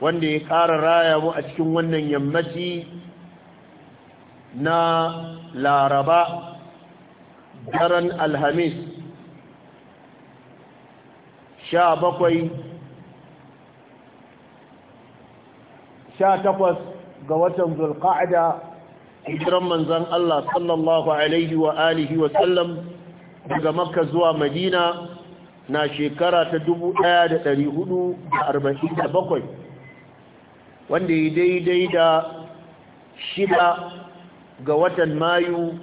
wanda ya ƙara raya mu a cikin wannan yammaci na laraba daren alhamis sha bakwai sha takwas ga watan zulqa'ada hijiran manzan Allah sallallahu alaihi wa alihi wa sallam daga makka zuwa madina na shekara ta bakwai. wanda ya daidai da shida ga watan mayu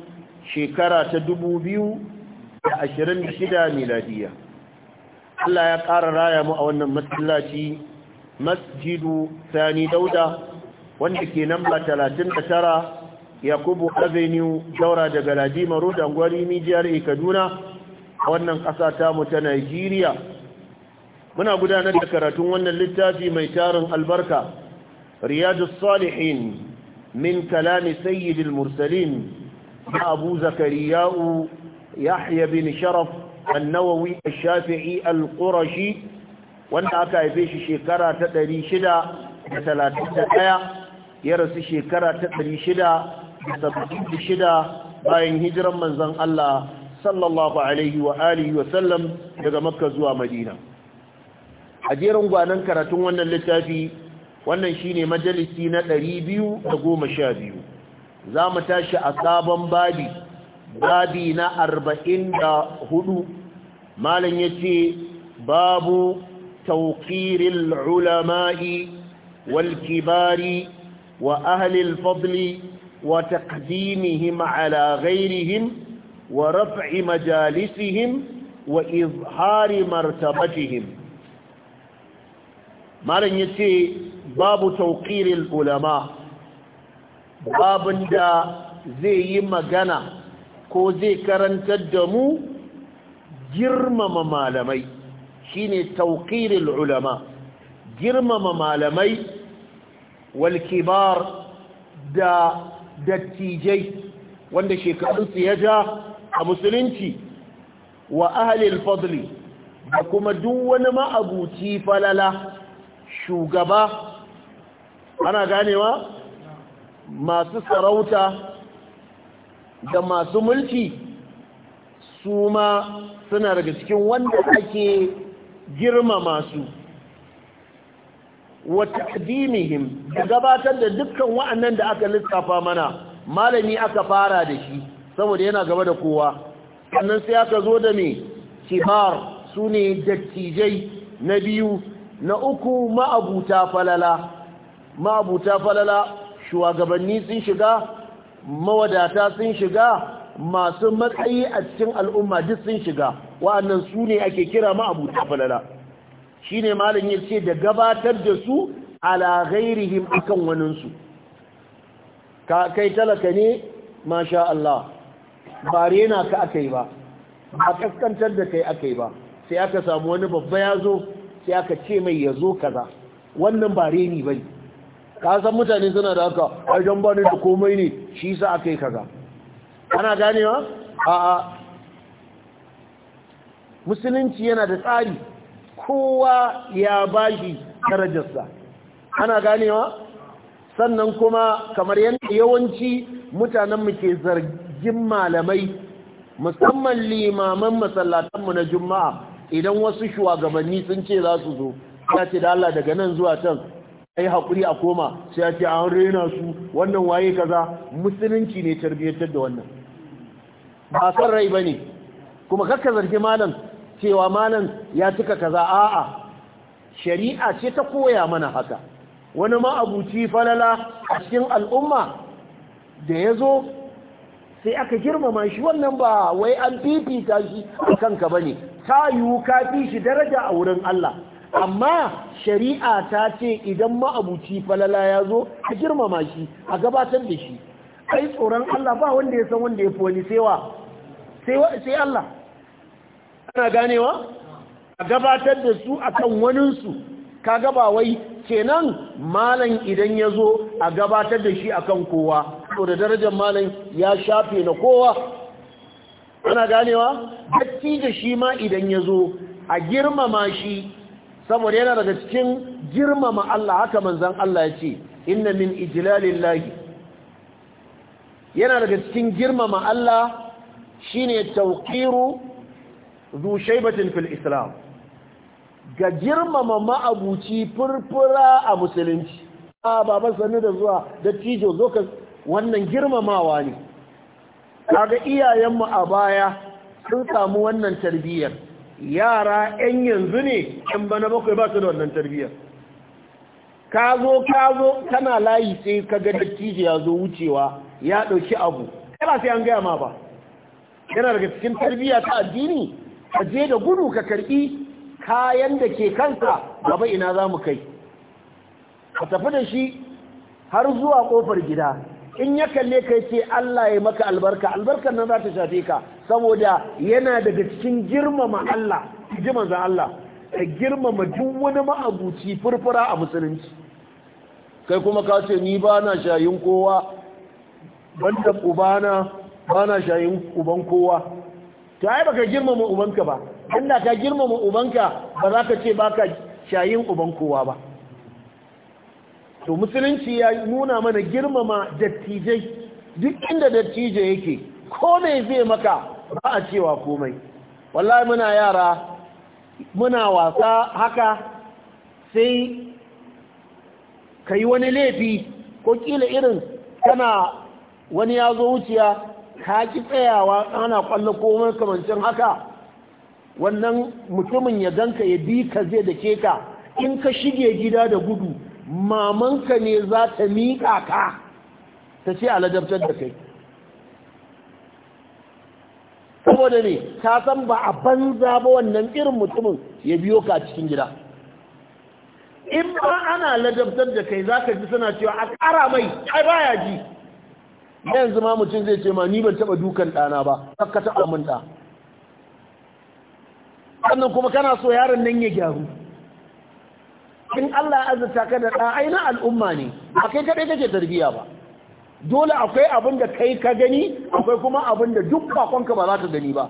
shekara ta dubu biyu da ashirin shida miladiya Allah ya ƙara raya mu a wannan masallaci masjidu sani dauda wanda ke namba talatin da tara yakubu avenue daura daga ladima road gwari mijiyar kaduna a wannan ƙasa tamu ta nigeria muna gudanar da karatun wannan littafi mai tarin albarka رياض الصالحين من كلام سيد المرسلين أبو زكرياء يحيى بن شرف النووي الشافعي القرشي wanda aka haife shi shekara ta ɗari shida da talatin da ɗaya ya rasu shekara ta ɗari shida da saba'in da shida bayan hijiran manzon Allah sallallahu alaihi wa wa sallam daga makka zuwa madina a jerin gwanan karatun wannan littafi wannan shine majalisi na biyu. da goma sha za mu tashi a sabon babi babi na arba'in da hudu. malam yace babu tawqiril ulama'i wal kibari wa ahlil fadli wa taqdimihim ala ghayrihim wa raf'i majalisihim wa izhari martabatihim malam yace babu tauƙirin ulama babin da zai yi magana ko zai karantar da mu girmama malamai shine tauƙirin ulama girmama malamai walkibar da dattijai wanda shekarunsu ya ja a musulunci wa ahalil fadli da kuma duk wani ma'abuci falala shugaba ana ganewa masu sarauta da masu mulki su ma suna daga cikin wanda ake girma masu. wata adimihim da gabatar da dukkan wa'annan da aka lissafa mana malami aka fara da shi saboda yana gaba da kowa sannan sai aka zo da mai kibar su ne dattijai na biyu na uku ma'abuta falala ma'abuta falala shugabanni sun shiga mawadata sun shiga masu matsayi a cikin al'umma duk sun shiga wa'annan su ne ake kira ma'abuta falala shi ne malin ya ce da gabatar da su ala ghairihim akan waninsu ka kai talaka ne masha Allah ba rena ka aka yi ba ba kaskantar da kai aka yi ba sai aka samu wani babba ya zo sai aka ce mai ya zo kaza wannan ba reni ka san mutane suna da haka ai dan bani da komai ne shi yasa yi kaza ana ganewa a'a musulunci yana da tsari kowa ya ba shi darajarsa ana ganewa sannan kuma kamar yawanci mutanenmu ke zargin malamai musamman limaman masallatanmu na juma'a idan wasu shugabanni sun ce za su zo ya ce da Allah daga nan zuwa can ai hakuri a koma sai a ce an rena su wannan waye kaza musulunci ne tarbiyyar da wannan ba san rai ba ne kuma kakka zargi malam cewa malam ya cika kaza a'a shari'a ce ta koya mana haka wani ma'abuci falala a cikin al'umma da ya zo sai aka girmama shi wannan ba wai an fifita shi a kanka ba ne ta yiwu ka fi shi daraja a wurin Allah amma shari'a ta ce idan ma'abuci falala ya zo a girmama shi a gabatar da shi ai tsoron Allah ba wanda ya san wanda ya foni sai wa sai Allah ana ganewa a gabatar da su akan waninsu ka gaba wai kenan malam idan ya zo a gabatar da shi akan kowa to da darajar malam ya shafe na kowa ana ganewa datti da shi ma idan ya zo a girmama shi saboda yana daga cikin girmama Allah haka manzan Allah ya ce inna min ijlalillahi yana daga cikin girmama Allah shine tawqiru zu shaybatin fil islam ga girmama ma'abuci furfura a musulunci a baban sanu da zuwa da tijo zo ka wannan girmamawa ne kaga iyayenmu a baya sun samu wannan tarbiyyar yara 'yan yanzu ne 'yan bana bakwai ba su da wannan tarbiyyar ka zo ka zo kana layi sai ka ga dattijo ya zo wucewa ya ɗauki abu ba sai an gaya ma ba yana daga cikin tarbiyya ta addini ka je da gudu ka karɓi kayan da ke kansa gaba ina za mu kai ka tafi da shi har zuwa ƙofar gida in ya kalle kai ce Allah ya maka albarka albarkar nan za ta shafe ka saboda yana daga cikin girmama Allah ji Allah a girmama duk wani ma'abuci furfura a musulunci kai kuma ka ce ni ba na shayin kowa banda ubana ba na shayin uban kowa ta yi baka girmama ubanka ba inda ka girmama ubanka ba za ka ce ba ka shayin uban kowa ba to musulunci ya nuna mana girmama dattijai duk inda dattijai yake ko ne zai maka ba a cewa komai wallahi muna yara muna wasa haka sai ka yi wani laifi ko kila irin kana wani ya zo wuciya ka ki tsayawa ana kwallo komai kamancin haka wannan mutumin ya ganka ya bi ka zai da ke ka in ka shige gida da gudu mamanka ne za ta miƙa ka ta ce aladabtar da kai saboda ne ka san ba a banza ba wannan irin mutumin ya biyo ka cikin gida in ba ana ladabtar da kai za ka ji suna cewa a ƙara mai ai baya ji yanzu ma mutum zai ce ma ni ban taɓa dukan ɗana ba ka taɓa min sannan kuma kana so yaron nan ya gyaru in Allah ya azurta ka da ɗa na al'umma ne ba kai kaɗai kake tarbiyya ba dole akwai abin da kai ka gani akwai kuma abin da duk bakonka ba za ka gani ba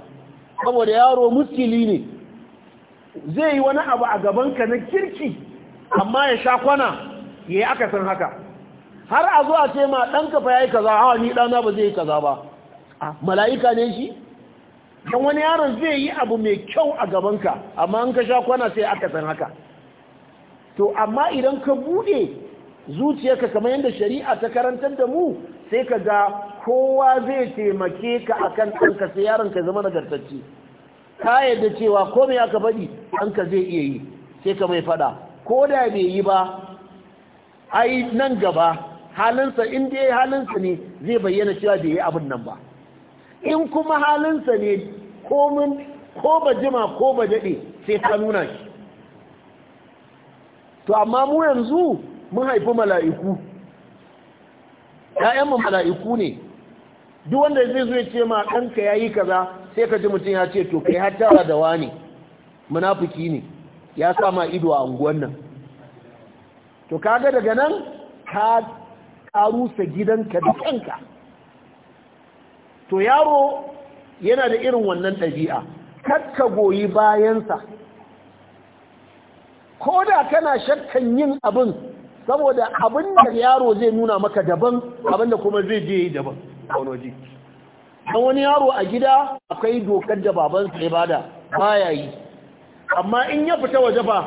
saboda yaro muskili ne zai yi wani abu a gabanka na kirki amma ya sha kwana ya yi akasin haka har a zuwa ce ma ɗanka fa ya yi kaza hawa ni ɗana ba zai yi kaza ba ah. mala'ika ne shi don wani yaron zai yi abu mai kyau a gabanka amma an ka sha kwana sai aka san haka to amma idan ka buɗe zuciyarka kamar yadda shari'a ta karantar da mu sai ka ga kowa zai taimake ka akan ɗanka sai yaron ka zama nagartacce ka yadda cewa ko aka faɗi ɗanka zai iya yi sai ka mai faɗa ko da bai yi ba ai nan gaba halinsa in dai halinsa ne zai bayyana cewa bai yi abin nan ba in kuma halinsa ne komin ko ba jima ko ba daɗe sai ka nuna shi to amma mu yanzu mun haifi mala'iku ‘ya'yanmu mala'iku ne duk wanda zai zo ya ce ma ɗanka ya yi kaza sai ka ji mutum ya ce to kai hattara da wani munafuki ne ya sa ma ido a unguwan nan to kaga daga nan ka ƙarusa gidanka da kanka to yaro yana da irin wannan ɗabi'a kakka goyi bayansa ko da kana shakkan yin abin saboda abin da yaro zai nuna maka daban abin da kuma zai je daban wani waje dan wani yaro a gida akwai dokar da babansa ya bada baya yi amma in ya fita waje ba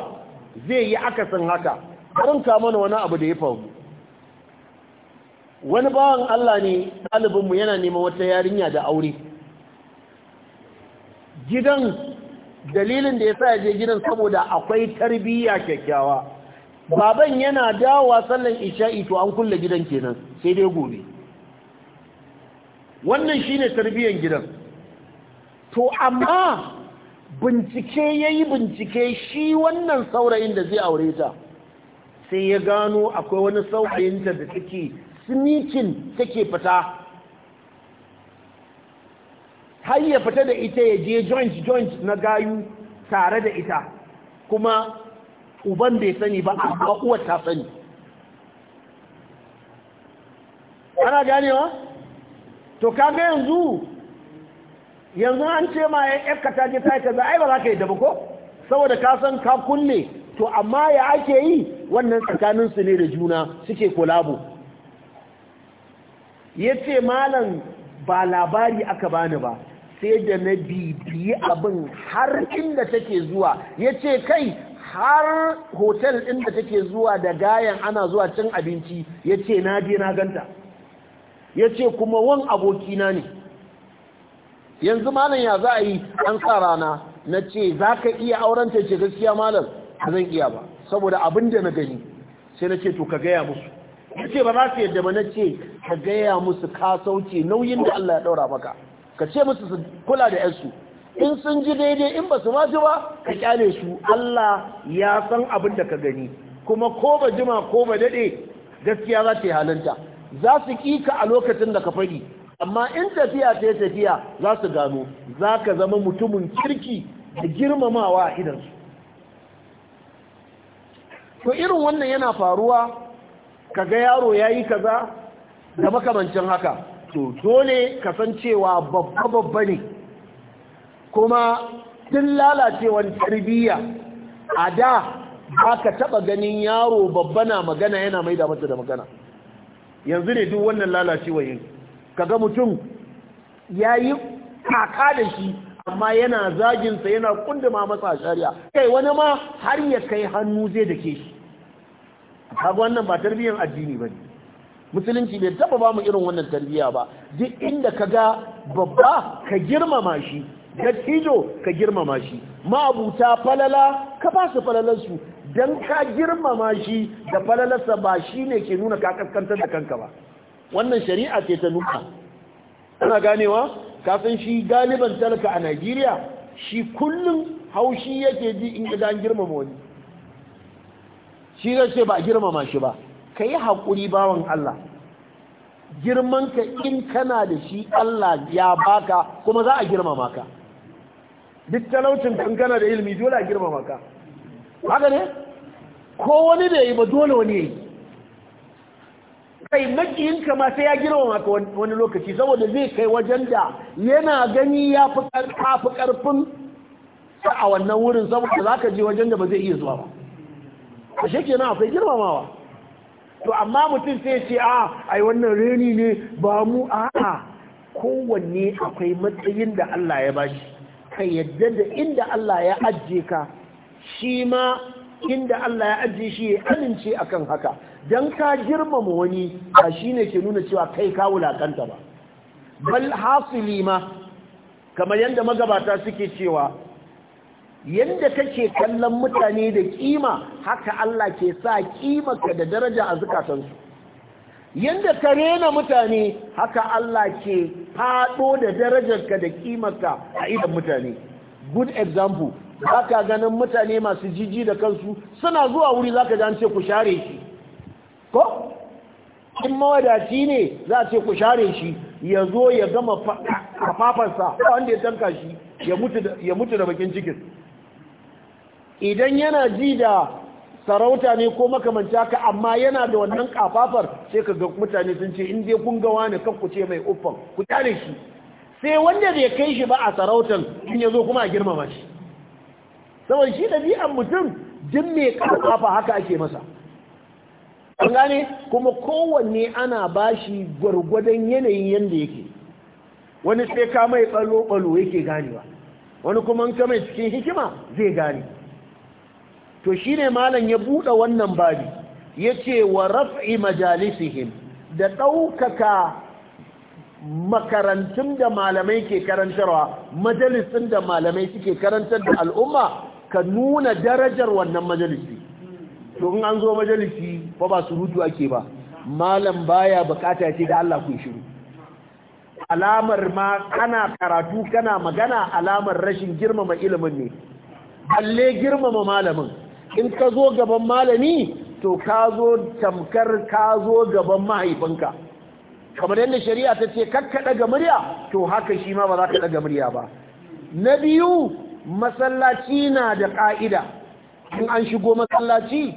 zai yi akasin haka karanta mana wani abu da ya faru wani bawan Allah ne ɗalibinmu yana neman wata yarinya da aure gidan dalilin da ya sa ya je gidan saboda akwai tarbiyya kyakkyawa baban yana dawowa sallan isha'i to an kulle gidan kenan sai dai gobe wannan shine tarbiyyar gidan to amma bincike yayi bincike shi wannan saurayin da zai aure ta sai ya gano akwai wani saurayinta da take sneaking take fita har ya fita da ita ya je joint joint na gayu tare da ita kuma uban bai sani ba a uwar ta sani ana ganewa to ka ga yanzu yanzu an ce ma yakka ta je ta yi kaza ai ba za ka yi da ko saboda ka san ka kunne to amma ya ake yi wannan tsakanin su ne da juna suke Ya ce malam ba labari aka bani ba sai da na bibiyi abin har inda take zuwa ya ce kai har hotel ɗin da take zuwa da gayan ana zuwa cin abinci ya ce na je na ganta ya ce kuma wan abokina ne yanzu malam ya za a yi an sa rana na ce za ka iya auranta ce gaskiya malam ba zan iya ba saboda abin da na gani sai na ce to ka gaya musu ya ce ba za su yadda ba na ce ka gaya musu ka sauke nauyin da Allah ya ɗaura maka ka ce musu su kula da 'yansu in sun ji daidai in ba su ma ba ka kyale su Allah ya san abin da ka gani kuma ko ba jima ko ba dade gaskiya za ta yi halinta za su kika a lokacin da ka faɗi amma in tafiya ta tafiya za su gano za ka zama mutumin kirki da girmamawa a su. to irin wannan yana faruwa ka ga yaro ya yi kaza da makamancin haka to dole cewa babba babba ne kuma tun lalacewar tarbiyya a da aka taba ganin yaro babba na magana yana mai mata da magana yanzu ne duk wannan lalacewar yin kaga mutum ya yi kaka da shi amma yana zaginsa yana kunduma masa shari'a kai wani ma har ya kai hannu zai dake shi kaga wannan ba tarbiyyar addini ne. musulunci bai taba ba mu irin wannan tarbiyya ba duk inda ga babba ka girmama shi dattijo ka girmama shi ma'abuta falala ka ba su falalansu don ka girmama shi da falalarsa ba shi ne ke nuna ka kaskantar da kanka ba wannan shari'a ce ta nuna ana ganewa kafin shi galiban talaka a najeriya shi kullum haushi yake ji in ga an girmama wani shi zai ce ba a girmama shi ba ka yi haƙuri bawan allah ka in kana da shi allah ya baka kuma za a girmama ka duk talaucin kankana da ilimi dole a girma maka haka ne ko wani da yi ba dole wani ya yi kai makiyinka ma sai ya girma maka wani lokaci saboda zai kai wajen da yana gani ya fi karfin a wannan wurin saboda za ka je wajen da ba zai iya zuwa ba a kenan akwai girmamawa to amma mutum sai ce a ai wannan reni ne ba mu a'a kowanne akwai matsayin da Allah ya bashi ka yadda da inda Allah ya ajiye ka shi ma inda Allah ya ajiye shi ya amince akan haka Don ka girmama wani ba ne ke nuna cewa kai ka wulakanta ba bal hasili ma kamar yadda magabata suke cewa yadda kake kallon mutane da kima haka Allah ke sa kima ka da daraja a zukatansu yadda ka rena mutane haka Allah ke faɗo da darajarka da kimarka a idan mutane good example zaka ganin mutane masu jiji da kansu suna zuwa wuri zaka ga an ce ku share shi ko in mawadaci ne za a ce ku share shi ya zo ya gama kafafarsa wanda ya tanka shi ya mutu da bakin cikin idan yana ji da sarauta ne ko makamanci haka amma yana da wannan kafafar sai ka ga mutane sun ce in je kun ga wani kan ku ce mai uffan ku tare shi sai wanda bai kai shi ba a sarautan in ya zo kuma a girmama shi saboda shi da ɗabi'an mutum duk mai kafafa haka ake masa an gane kuma kowanne ana bashi gwargwadon yanayin yanda yake wani sai ka mai ɓalo-ɓalo yake ganewa wani kuma in ka mai cikin hikima zai gane to shine malam ya buɗe wannan babi yace wa raf'i majalisihim da ɗaukaka makarantun da malamai ke karantarwa majalisun da malamai suke karantar da al'umma ka nuna darajar wannan majalisi to an zo majalisi ba ba surutu ake ba malam baya bukata ce da Allah ku shiru alamar ma kana karatu kana magana alamar rashin girmama ilimin ne balle girmama malamin in ka zo gaban malami to ka zo tamkar ka zo gaban mahaifinka kamar yadda shari'a ta ce kakka daga murya to haka shi ma ba za ka daga murya ba na biyu masallaci na da ƙa'ida in an shigo masallaci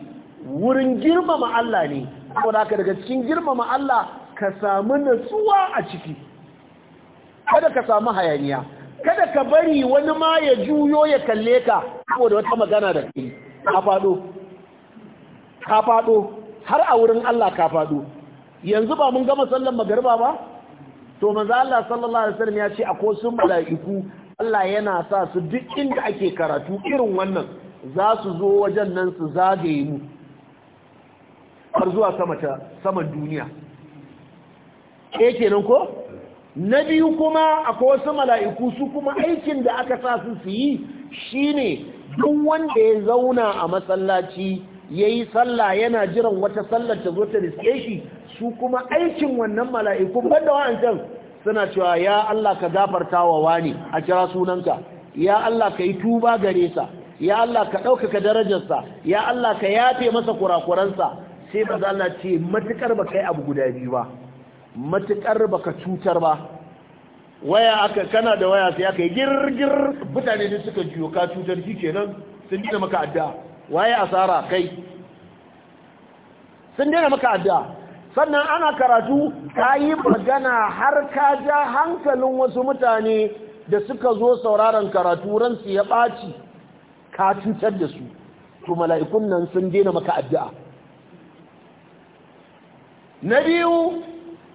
wurin girmama Allah ne saboda daga cikin girmama Allah ka samu nutsuwa a ciki kada ka samu hayaniya kada ka bari wani ma ya juyo ya kalle ka saboda wata magana da kai Kafaɗo kafaɗo har a wurin Allah kafaɗo yanzu ba mun gama sallan magarba ba to manzo Allah sallallahu alaihi wasallam ya ce ko sun mala'iku Allah yana sa su duk inda ake karatu irin wannan za su zo wajen nan su zagaye mu har zuwa sama ta saman duniya e kenan ko na biyu kuma akwai wasu mala'iku su kuma aikin da aka sa su su yi ne. duk wanda ya zauna a masallaci ya yi sallah yana jiran wata sallar ta zo ta riske shi su kuma aikin wannan mala'iku banda can suna cewa ya Allah ka gafarta wa wani a kira sunanka ya Allah ka yi tuba gare sa ya Allah ka ɗaukaka darajarsa ya Allah ka yafe masa kurakuransa sai ba za ce matuƙar ba kai abu guda biyu ba matuƙar ba ka cutar ba waya aka kana da waya sai aka yi girgir mutane ne suka juyo ka cutar shi kenan sun dina maka adda waye asara kai sun dina maka adda sannan ana karatu ka yi magana har ka ja hankalin wasu mutane da suka zo sauraron karatu su ya ɓaci ka cutar da su to mala'ikun nan sun dina maka addu'a na biyu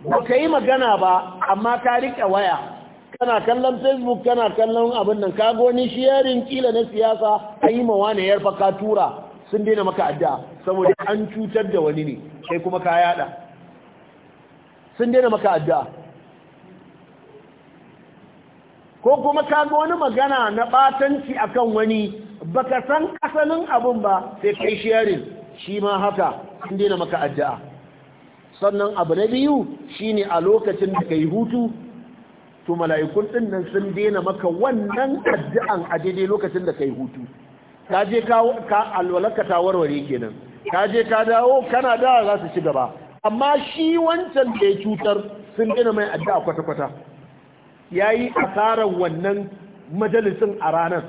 ba ka yi magana ba amma ka riƙe waya kana kallon facebook kana kallon abin nan kaga wani sharing kila na siyasa a yi mawa yar tura sun daina maka addu'a saboda an cutar da wani ne sai kuma ka yada sun daina maka addu'a ko kuma kaga wani magana na batanci akan wani baka san asalin abin ba sai kai sharing shi ma haka sun daina maka addu'a sannan abu na biyu shine a lokacin da kai hutu to mala'ikun din nan sun daina maka wannan addu'an a daidai lokacin da kai hutu ka je ka alwalaka ta warware kenan ka je ka dawo kana da za su ci gaba amma shi wancan da ya cutar sun daina mai addu'a kwata-kwata yayi asarar wannan majalisin a ranar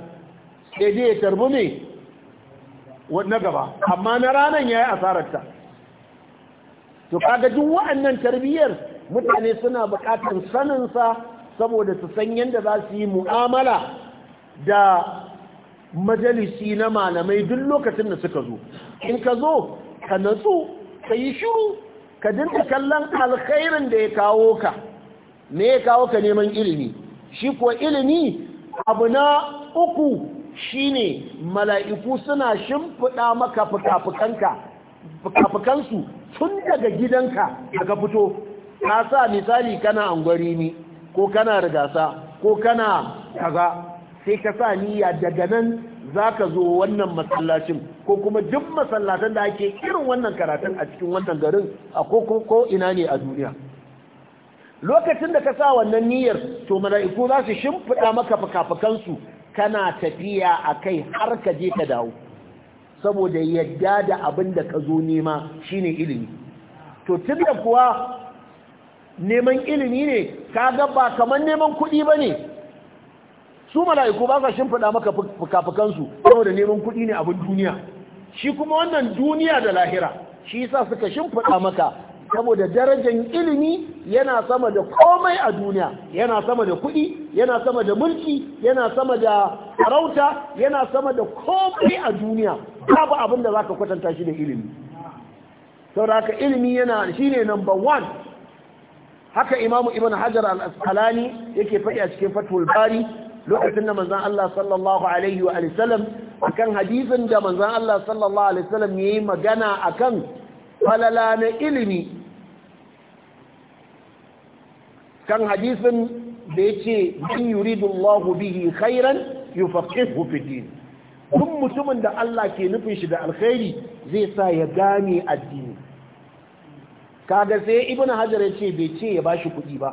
sai dai ya tarbi ne na gaba amma na ranar ya yi ta, to kaga duk wa'annan tarbiyyar mutane suna bukatar saninsa saboda su san yadda za su yi mu'amala da majalisi na malamai duk lokacin da suka zo in ka zo ka natsu ka yi shiru ka dinka kallon alkhairin da ya kawo ka me ya kawo ka neman ilimi shi kuwa ilimi abu na uku shine mala'iku suna shimfiɗa maka fuka tun daga gidanka daga fito ka sa misali kana gwari ni ko kana da gasa ko kana kaza sai ka sa niyya daga nan za ka zo wannan masallacin ko kuma duk masallatan da ake irin wannan karatun a cikin wannan garin a ko ina ne a duniya lokacin da ka sa wannan niyyar to mala'iku za su shimfiɗa maka fuka kana tafiya a kai har ka je ka dawo saboda yadda da abin da ka zo nema shine ilimi to tun da kuwa neman ilimi ne kaga ba kamar neman kuɗi ba ne su mala'iku ba sa shimfiɗa maka fukafukansu saboda neman kuɗi ne abin duniya shi kuma wannan duniya da lahira shi sa suka shimfiɗa maka saboda darajar ilimi yana sama da komai a duniya yana sama da kuɗi yana sama da mulki yana sama da farauta yana sama da komai a duniya babu abin da za ka kwatanta shi da ilimi saboda haka ilimi yana shi ne number one haka imamu ibn hajar al-asqalani yake faɗi a cikin fathul bari lokacin da manzon Allah sallallahu alaihi wa sallam akan hadisin da manzon Allah sallallahu alaihi wa sallam yayi magana akan falala na ilimi kan hadisin da yace man yuridullahu bihi khairan yufaqihu fi din duk mutumin da Allah ke nufin shi da alkhairi zai sa ya gane addini kaga sai ibn hajar ya ce bai ce ya bashi kuɗi ba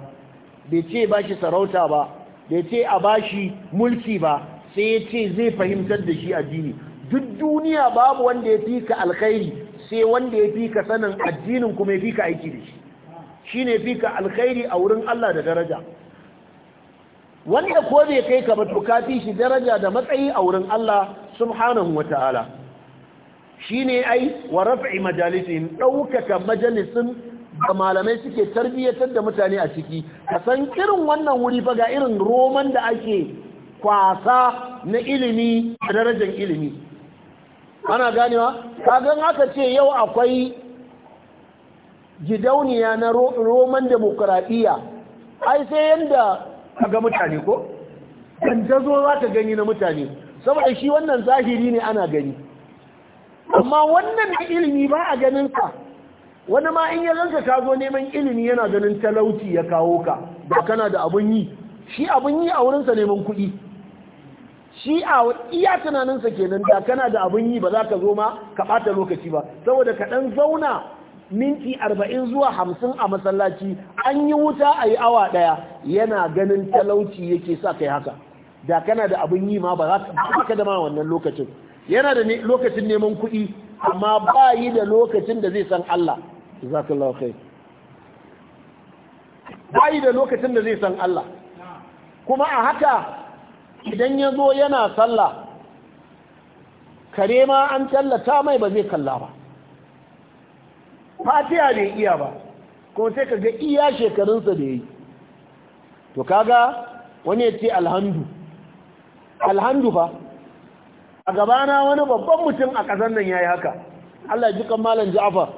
bai ce ya bashi sarauta ba bai ce a bashi mulki ba sai ya ce zai fahimtar da shi addini duk duniya babu wanda ya fi ka alkhairi sai wanda ya fi ka sanin addinin kuma ya fi ka aiki da shi shi ne fi ka alkhairi a wurin Allah da daraja wanda ko bai kai ka ba to ka fi shi daraja da matsayi a wurin Allah subhanahu wa ta'ala Shi ne ai wa raf'i majalisin ɗaukaka majalisin da malamai suke tarbiyyatar da mutane a ciki ka san irin wannan wuri fa ga irin roman da ake kwasa na ilimi a darajar ilimi ana ganewa kagan aka ce yau akwai gidauniya na roman demokuraɗiyya ai sai yadda ga mutane ko? ɗan zo za ka gani na mutane saboda shi wannan zahiri ne ana gani amma wannan da ilimi ba a ganin sa wani ma in ya zanka ka zo neman ilimi yana ganin talauci ya kawo ka ba kana da abun yi shi abun yi a wurinsa neman kuɗi shi a iya tunaninsa kenan da kana da abun yi ba za ka zo ma ka ɓata lokaci ba saboda ka ɗan zauna minti arba'in zuwa hamsin a masallaci an yi wuta a yi awa ɗaya yana ganin talauci yake sa kai haka da kana da abun yi ma ba za ka da ma wannan lokacin yana da lokacin neman kuɗi amma ba yi da lokacin da zai san Allah kai ba yi da lokacin da zai san Allah kuma a haka idan ya zo yana sallah kare ma an tallata mai ba zai kalla ba fatiya bai iya ba kuma sai ka ga iya shekarunsa da ya yi to kaga wani ya ce alhandu alhandu fa a gabana wani babban mutum a ƙasar nan ya yi haka Allah ji kan malam Ja'far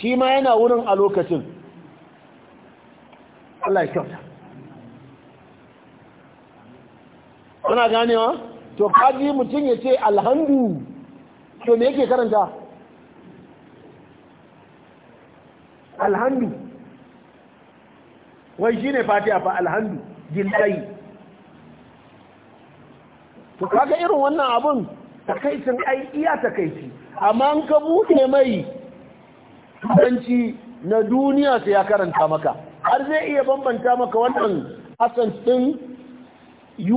shi ma yana wurin a lokacin Allah ya kyauta kuna ganewa to kaji mutum ya ce alhamdu to me yake karanta alhamdu wai shi ne fatiha fa alhamdu gillahi to kaga irin wannan abun takaicin ai iya takaici amma an ka buɗe mai turanci na duniya sai ya karanta maka har zai iya bambanta maka wannan asan ɗin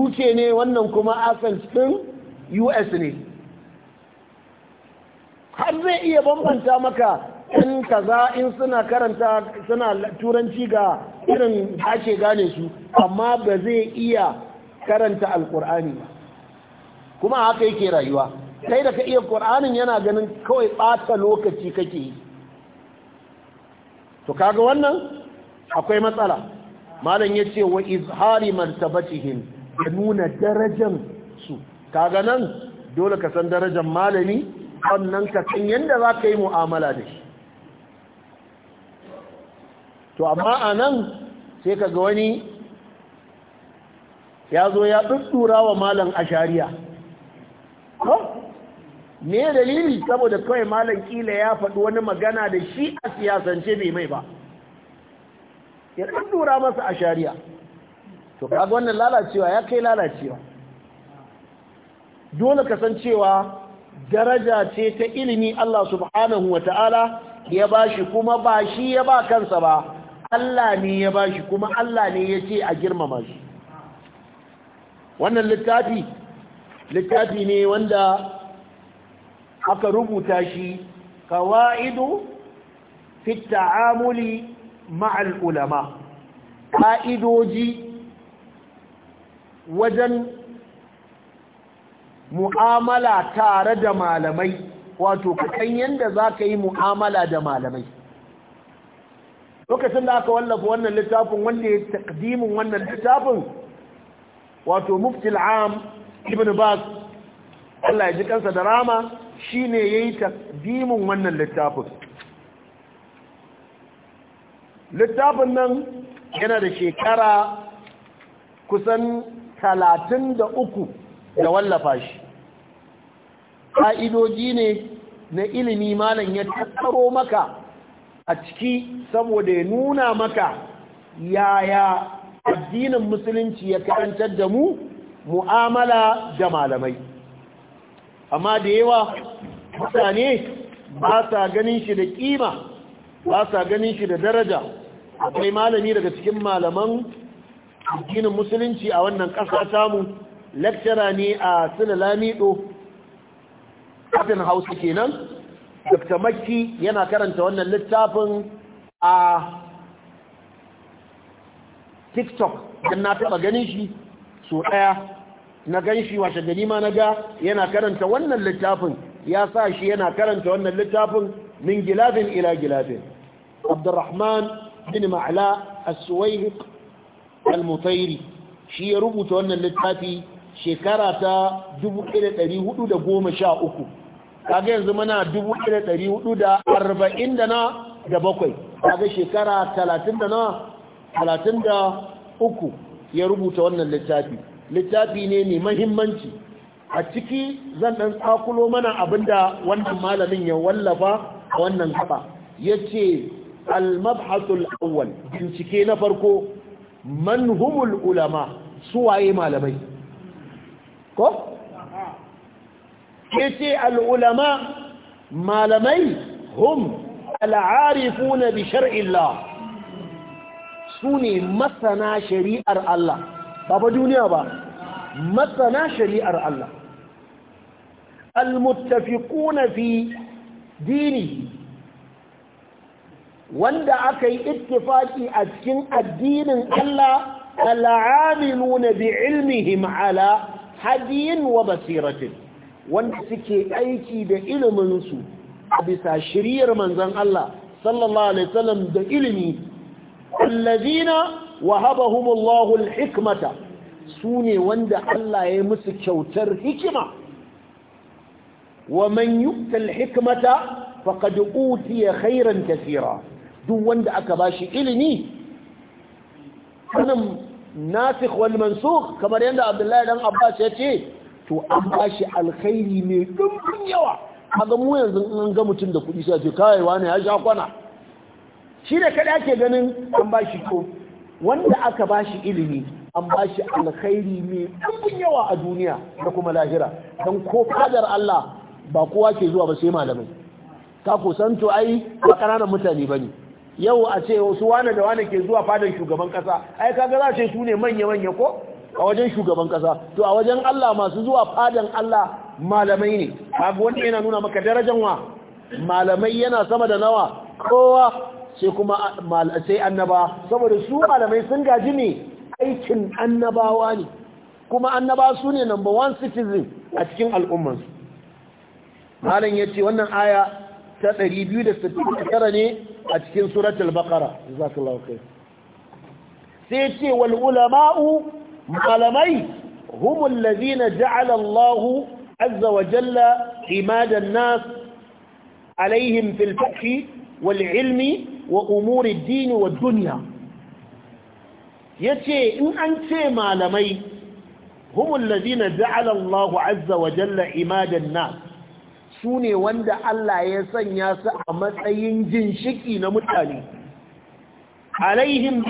uk ne wannan kuma asan ɗin us ne har zai iya bambanta maka in kaza in suna karanta suna turanci ga irin ake gane su amma ba zai iya karanta alkur'ani ba kuma haka yake rayuwa kai da ka iya ƙur'anin yana ganin kawai ɓata lokaci kake yi to kaga wannan akwai matsala malam ya ce wa izhari martabatihim da nuna darajan su kaga nan dole ka san darajan malami Wannan ka san yadda za ka yi mu'amala da shi to amma a nan sai ka ga wani ya zo ya ɗuɗɗura wa malam ashariya me dalili saboda kawai malam kila ya faɗi wani magana da shi a siyasance bai mai ba ya ɗan lura masa a shari'a to kaga wannan lalacewa ya kai lalacewa dole kasancewa daraja ce ta ilimi Allah subhanahu wa ta'ala ya bashi kuma ba shi ya ba kansa ba Allah ne ya bashi kuma Allah ne ya ce a girmama shi wannan littafi littafi ne wanda aka rubuta shi kawaidu fi ta'amuli ma'al ulama ka'idoji wajen mu'amala tare da malamai wato kakan yadda za ka yi mu'amala da malamai lokacin da aka wallafa wannan littafin wanda ya takdimin wannan littafin wato muftil ibn bas Allah ya ji kansa da rama shine yayi takdimin wannan littafin littafin nan yana da shekara kusan talatin da uku da wallafa shi ƙa'idoji ne na ilimi malam ya tattaro maka a ciki saboda ya nuna maka yaya addinin musulunci ya karantar da mu mu'amala da malamai amma da yawa mutane ba sa ganin shi da kima ba sa ganin shi da daraja akwai malami daga cikin malaman addinin musulunci a wannan ƙasa samu lecturer ne a sila lamido kafin hausa kenan dr makki yana karanta wannan littafin a tiktok don na taɓa ganin shi so ɗaya na ganshi wace gani ma na ga yana karanta wannan littafin ya sa shi yana karanta wannan littafin min gilafin ila gilafin abdurrahman bin ma'ala as-suwayhiq al-mutairi shi ya rubuta wannan littafi shekara ta 1413 kaga yanzu muna 1440 da na da bakwai kaga shekara 30 da na 33 ya rubuta wannan littafi littafi ne mai mahimmanci a ciki zan ɗan tsakulo mana abinda wannan malamin ya wallafa a wannan gaba ya ce al-mabhasul awwal bincike na farko man humul ulama suwaye malamai ko? ya ce al'ulama malamai hum na bi shar'illah su ne masana shari'ar Allah ba ba duniya ba masana shari'ar Allah almuttafiquna fi dini wanda aka yi ittifaki a cikin addinin Allah al'amiluna bi ilmihim ala hadiyin wa basiratin wanda suke aiki da iliminsu a bisa shiriyar manzon Allah sallallahu alaihi wasallam da ilimi allazina wahabahumullahu alhikmata sune wanda Allah ya musu kyautar hikima wa man yu'ta alhikmata faqad utiya khairan kaseera duk wanda aka bashi ilimi sanin nasikh wal mansukh kamar yanda Abdullahi dan Abbas ya ce to an bashi alkhairi mai dumbin yawa kaga mu yanzu an ga mutun da kudi sai ce kai wani ya sha kwana shi da kada ake ganin an ba shi ko wanda aka ba shi ilimi an ba shi alkhairi mai ɗumbin yawa a duniya da kuma lahira don ko fadar Allah ba kowa ke zuwa ba sai malamai ka to ai ba ƙananan mutane ba ne yau a ce wasu wane da wane ke zuwa fadan shugaban ƙasa ai ka ga za ce su ne manya-manya ko a wajen shugaban ƙasa to a wajen Allah masu zuwa fadan Allah malamai ne kaga wanda yana nuna maka darajan wa malamai yana sama da nawa kowa sai kuma sai annaba saboda su malamai sun gaji ne aikin annabawa ne kuma annaba su ne number one citizen a cikin al'ummansu malam ya ce wannan aya ta 269 ne a cikin suratul baqara jazakallahu khair sai ce wal ulama'u malamai humul ladina ja'ala Allahu azza wa jalla imadan nas alaihim fil fathi wal ilmi wa umuri dini wa duniya ya ce in an ce malamai humul lazina ja'ala Allahu azza wa jalla imadan na, su ne wanda Allah ya sanya su a matsayin ginshiki na mutane alaihim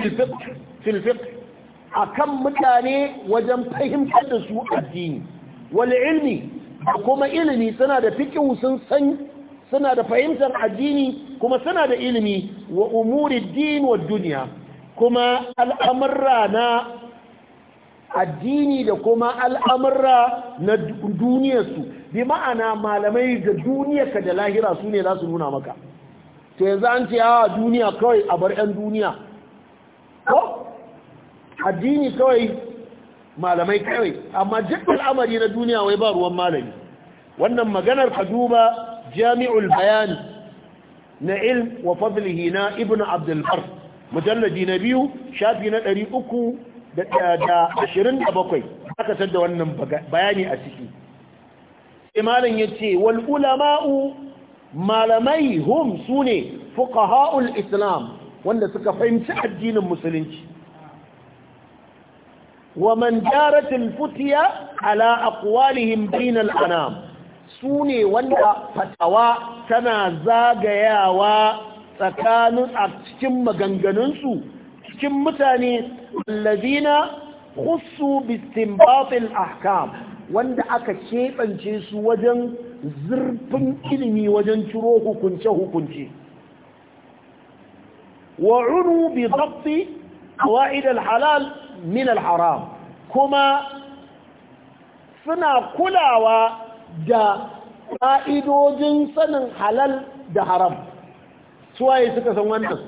fil a kan mutane wajen fahimtar da su addini wal ilmi kuma ilimi suna da fiqh sun san suna da fahimtar addini kuma suna da ilimi wa umuri din wa duniya kuma al'amurra na addini da kuma al'amurra na duniyarsu bi ma'ana malamai da duniyarka da lahira su ne za su nuna maka to yanzu an ce yawa ah, duniya kawai a bar 'yan duniya ko addini kawai malamai kawai amma duk al'amari na duniya wai ba ruwan malami wannan maganar ka duba jami'ul bayani na ilm wa fadlihi na ibn abdul bar mujalladi na biyu shafi na 327 aka sadda wannan bayani a ciki imanin ya wal ulama'u malamai hum sune fukaha'ul islam wanda suka fahimci addinin musulunci ومن جارت الفتية ala أقوالهم bainal الأنام su ne wanda fatawa tana zagayawa tsakanin a cikin maganganunsu cikin mutane allazina khussu bistinbatil ahkam wanda aka keɓance su wajen zurfin ilimi wajen ciro hukunce-hukunce unu bi zafi wa'id halal min al-haram kuma suna kulawa da ƙa'idojin sanin halal da haram suwaye suka san wannan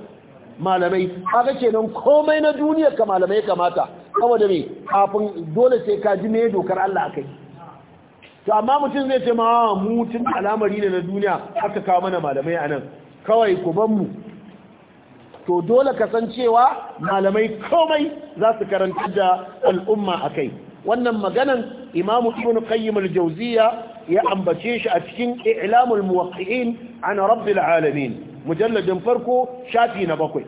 malamai haka ce nan komai na duniyar ka malamai kamata da mai kafin dole sai ka ji mai dokar Allah a kai to amma mutum zai ce ma ah, mutum alamari ne na duniya aka kawo mana malamai a nan kawai ku mu to dole kasancewa malamai komai za su karanta da al'umma a kai wannan maganan imamu ibn qayyim al-jawziya ya ambace shi a cikin i'lamul muwaqqi'in ana rabbil alamin mujalladin farko shafi na bakwai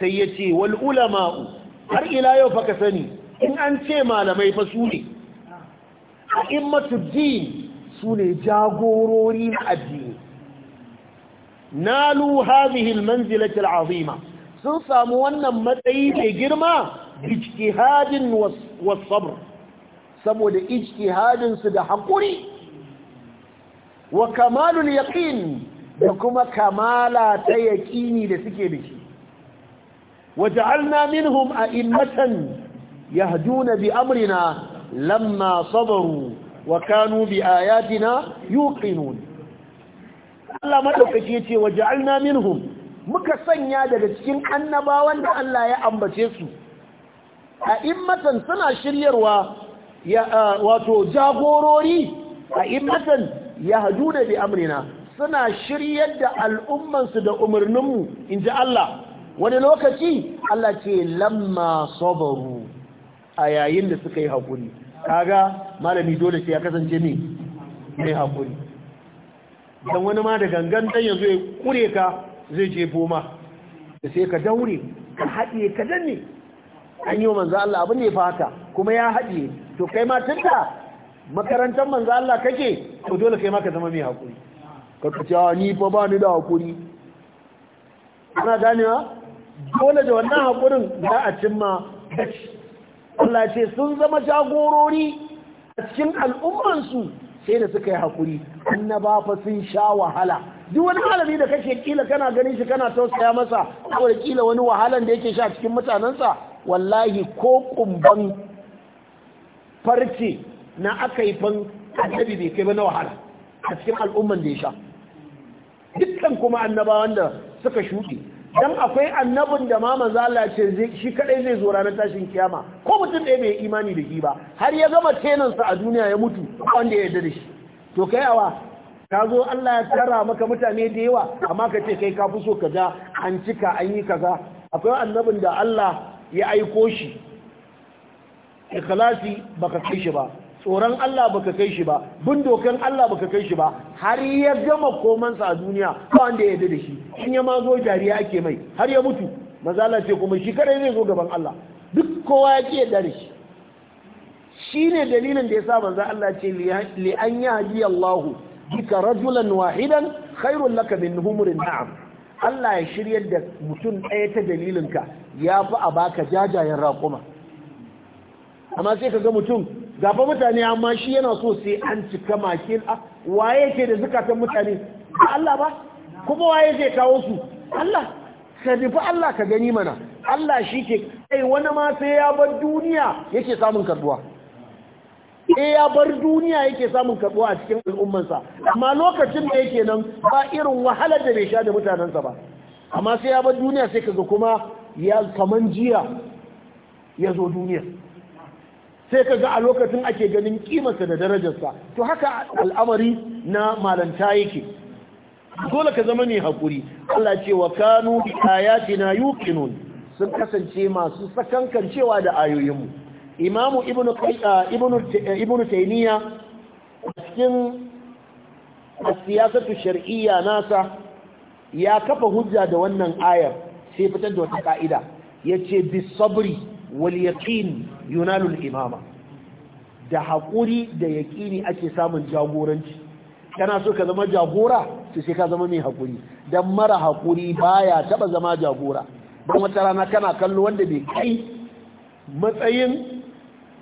sai yace wal ulama'u har ila yau fa ka sani in an ce malamai fa su ne a'immatud din su ne jagorori na addini nalu hadhihi al manzilati al azima sun samu wannan matsayi mai girma bijtihadin was sabr saboda ijtihadinsu da haƙuri wa kamalul yaqin da kuma kamala ta yaƙini da suke da shi waja'alna minhum a'immatan yahduna bi amrina lamma sabaru wa kanu bi ayatina yuqinun Allah madaukake yace waja'alna minhum muka sanya daga cikin annabawan da Allah ya ambace su a'immatan suna shiryarwa wato jagorori a imatan ya hadu da bi amrina suna shiryar da al'ummansu da umarninmu in ji Allah wani lokaci Allah ce lamma sabaru a yayin da suka yi haƙuri kaga malami dole sai ya kasance ne mai hakuri. don wani ma da gangan dan yanzu ya kure ka zai je boma da sai ka daure ka haɗiye ka danne an yi wa manzo Allah abin da ya fa kuma ya haɗiye to kai ma tunda makarantar manzo Allah kake to dole kai ma ka zama mai hakuri ka kace a ah, ni fa ba ni da hakuri ana ganewa dole da wannan hakurin za a cimma Allah ce sun zama jagorori a cikin al'ummansu sai da suka yi hakuri annaba fa sun sha wahala duk wani malami da kake kila kana ganin shi kana tausaya masa saboda kila wani wahalan da yake sha cikin mutanansa, wallahi ko kumban farce na aka yi fan annabi bai kai ba na wahala a cikin al'umman da ya sha dukkan kuma annabawan da suka shuɗe dan akwai annabin da Maman zala ce shi kaɗai zai zo ranar tashin kiyama ko mutum ɗaya bai imani da shi ba har ya gama tenansa a duniya ya mutu wanda ya yarda da shi to kai awa ka zo Allah ya tara maka mutane da yawa amma ka ce kai ka fi so ka ja an cika an yi kaza akwai annabin da Allah ya aiko shi ikhlasi baka kai shi ba tsoron Allah baka kai shi ba bin dokan Allah baka kai shi ba har ya gama komansa a duniya ba wanda ya yarda da shi in ya ma zo jariya ake mai har ya mutu mazala ce kuma shi kadai zai zo gaban Allah duk kowa ya ki da shi shine dalilin da yasa manzo Allah ce li an yahdi Allahu bika rajulan wahidan khairul laka min humurin na'am Allah ya shiryar da mutum ɗaya ta dalilinka ya fi a baka jajayen raƙuma amma sai ka ga mutum gafa mutane amma shi yana so sai an cika makin ah, waye ke da zukatan mutane ba Allah ba kuma waye zai kawo su Allah ka nufi Allah ka gani mana Allah shi ke kai wani ma sai ya bar duniya yake samun karbuwa e eh, ya bar duniya yake samun karbuwa a cikin al'ummansa amma lokacin da yake nan ba irin wahalar da bai sha da mutanensa ba amma sai ya bar duniya sai kaga kuma ya kaman jiya ya zo duniya sai ka ga a lokacin ake ganin kimarsa da darajarsa to haka al'amari na malanta yake dole ka zama ne hakuri Allah ce wa kanu ayati na yuqinun sun kasance masu sakankan cewa da ayoyinmu imamu ibnu ibnu ibnu taymiya cikin siyasatu shar'iyya nasa ya kafa hujja da wannan ayar sai fitar da wata ka'ida yace sabri. wal yaqin yunalu imama da haƙuri da yaƙini ake samun jagoranci kana so ka zama jagora to sai ka zama mai haƙuri dan mara haƙuri baya taba zama jagora don wata rana kana kallo wanda bai kai matsayin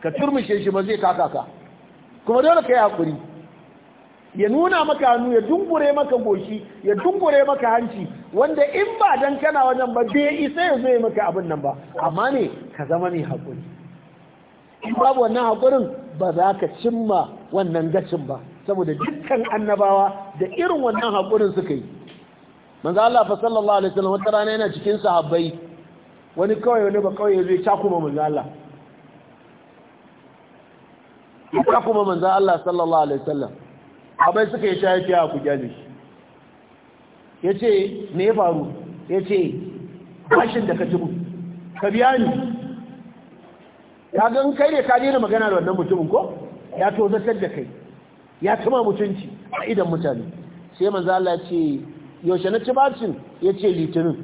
ka turmishe shi ba zai taka ka kuma dole ka yi haƙuri ya nuna maka hannu ya dunkure maka goshi ya dunkure maka hanci wanda in ba dan kana wajen ba bai isa ya zo maka abin nan ba amma ne ka zama mai haƙuri in babu wannan haƙurin ba za ka cimma wannan gacin ba saboda dukkan annabawa da irin wannan haƙurin suka yi manzo Allah fa sallallahu alaihi wasallam wata rana yana cikin sahabbai wani kawai wani ba kawai zai kuma manzo Allah ya kuma manzo Allah sallallahu alaihi wasallam abai suka yi shafi a shi ya ce ne ya faru ya ce bashin da ka ci ka biya ni ya kai ne ka daina magana da wannan mutumin ko ya to zartar da kai ya tuma mutunci a idan mutane sai manzo Allah ce yaushe na ci bashin ya ce litinin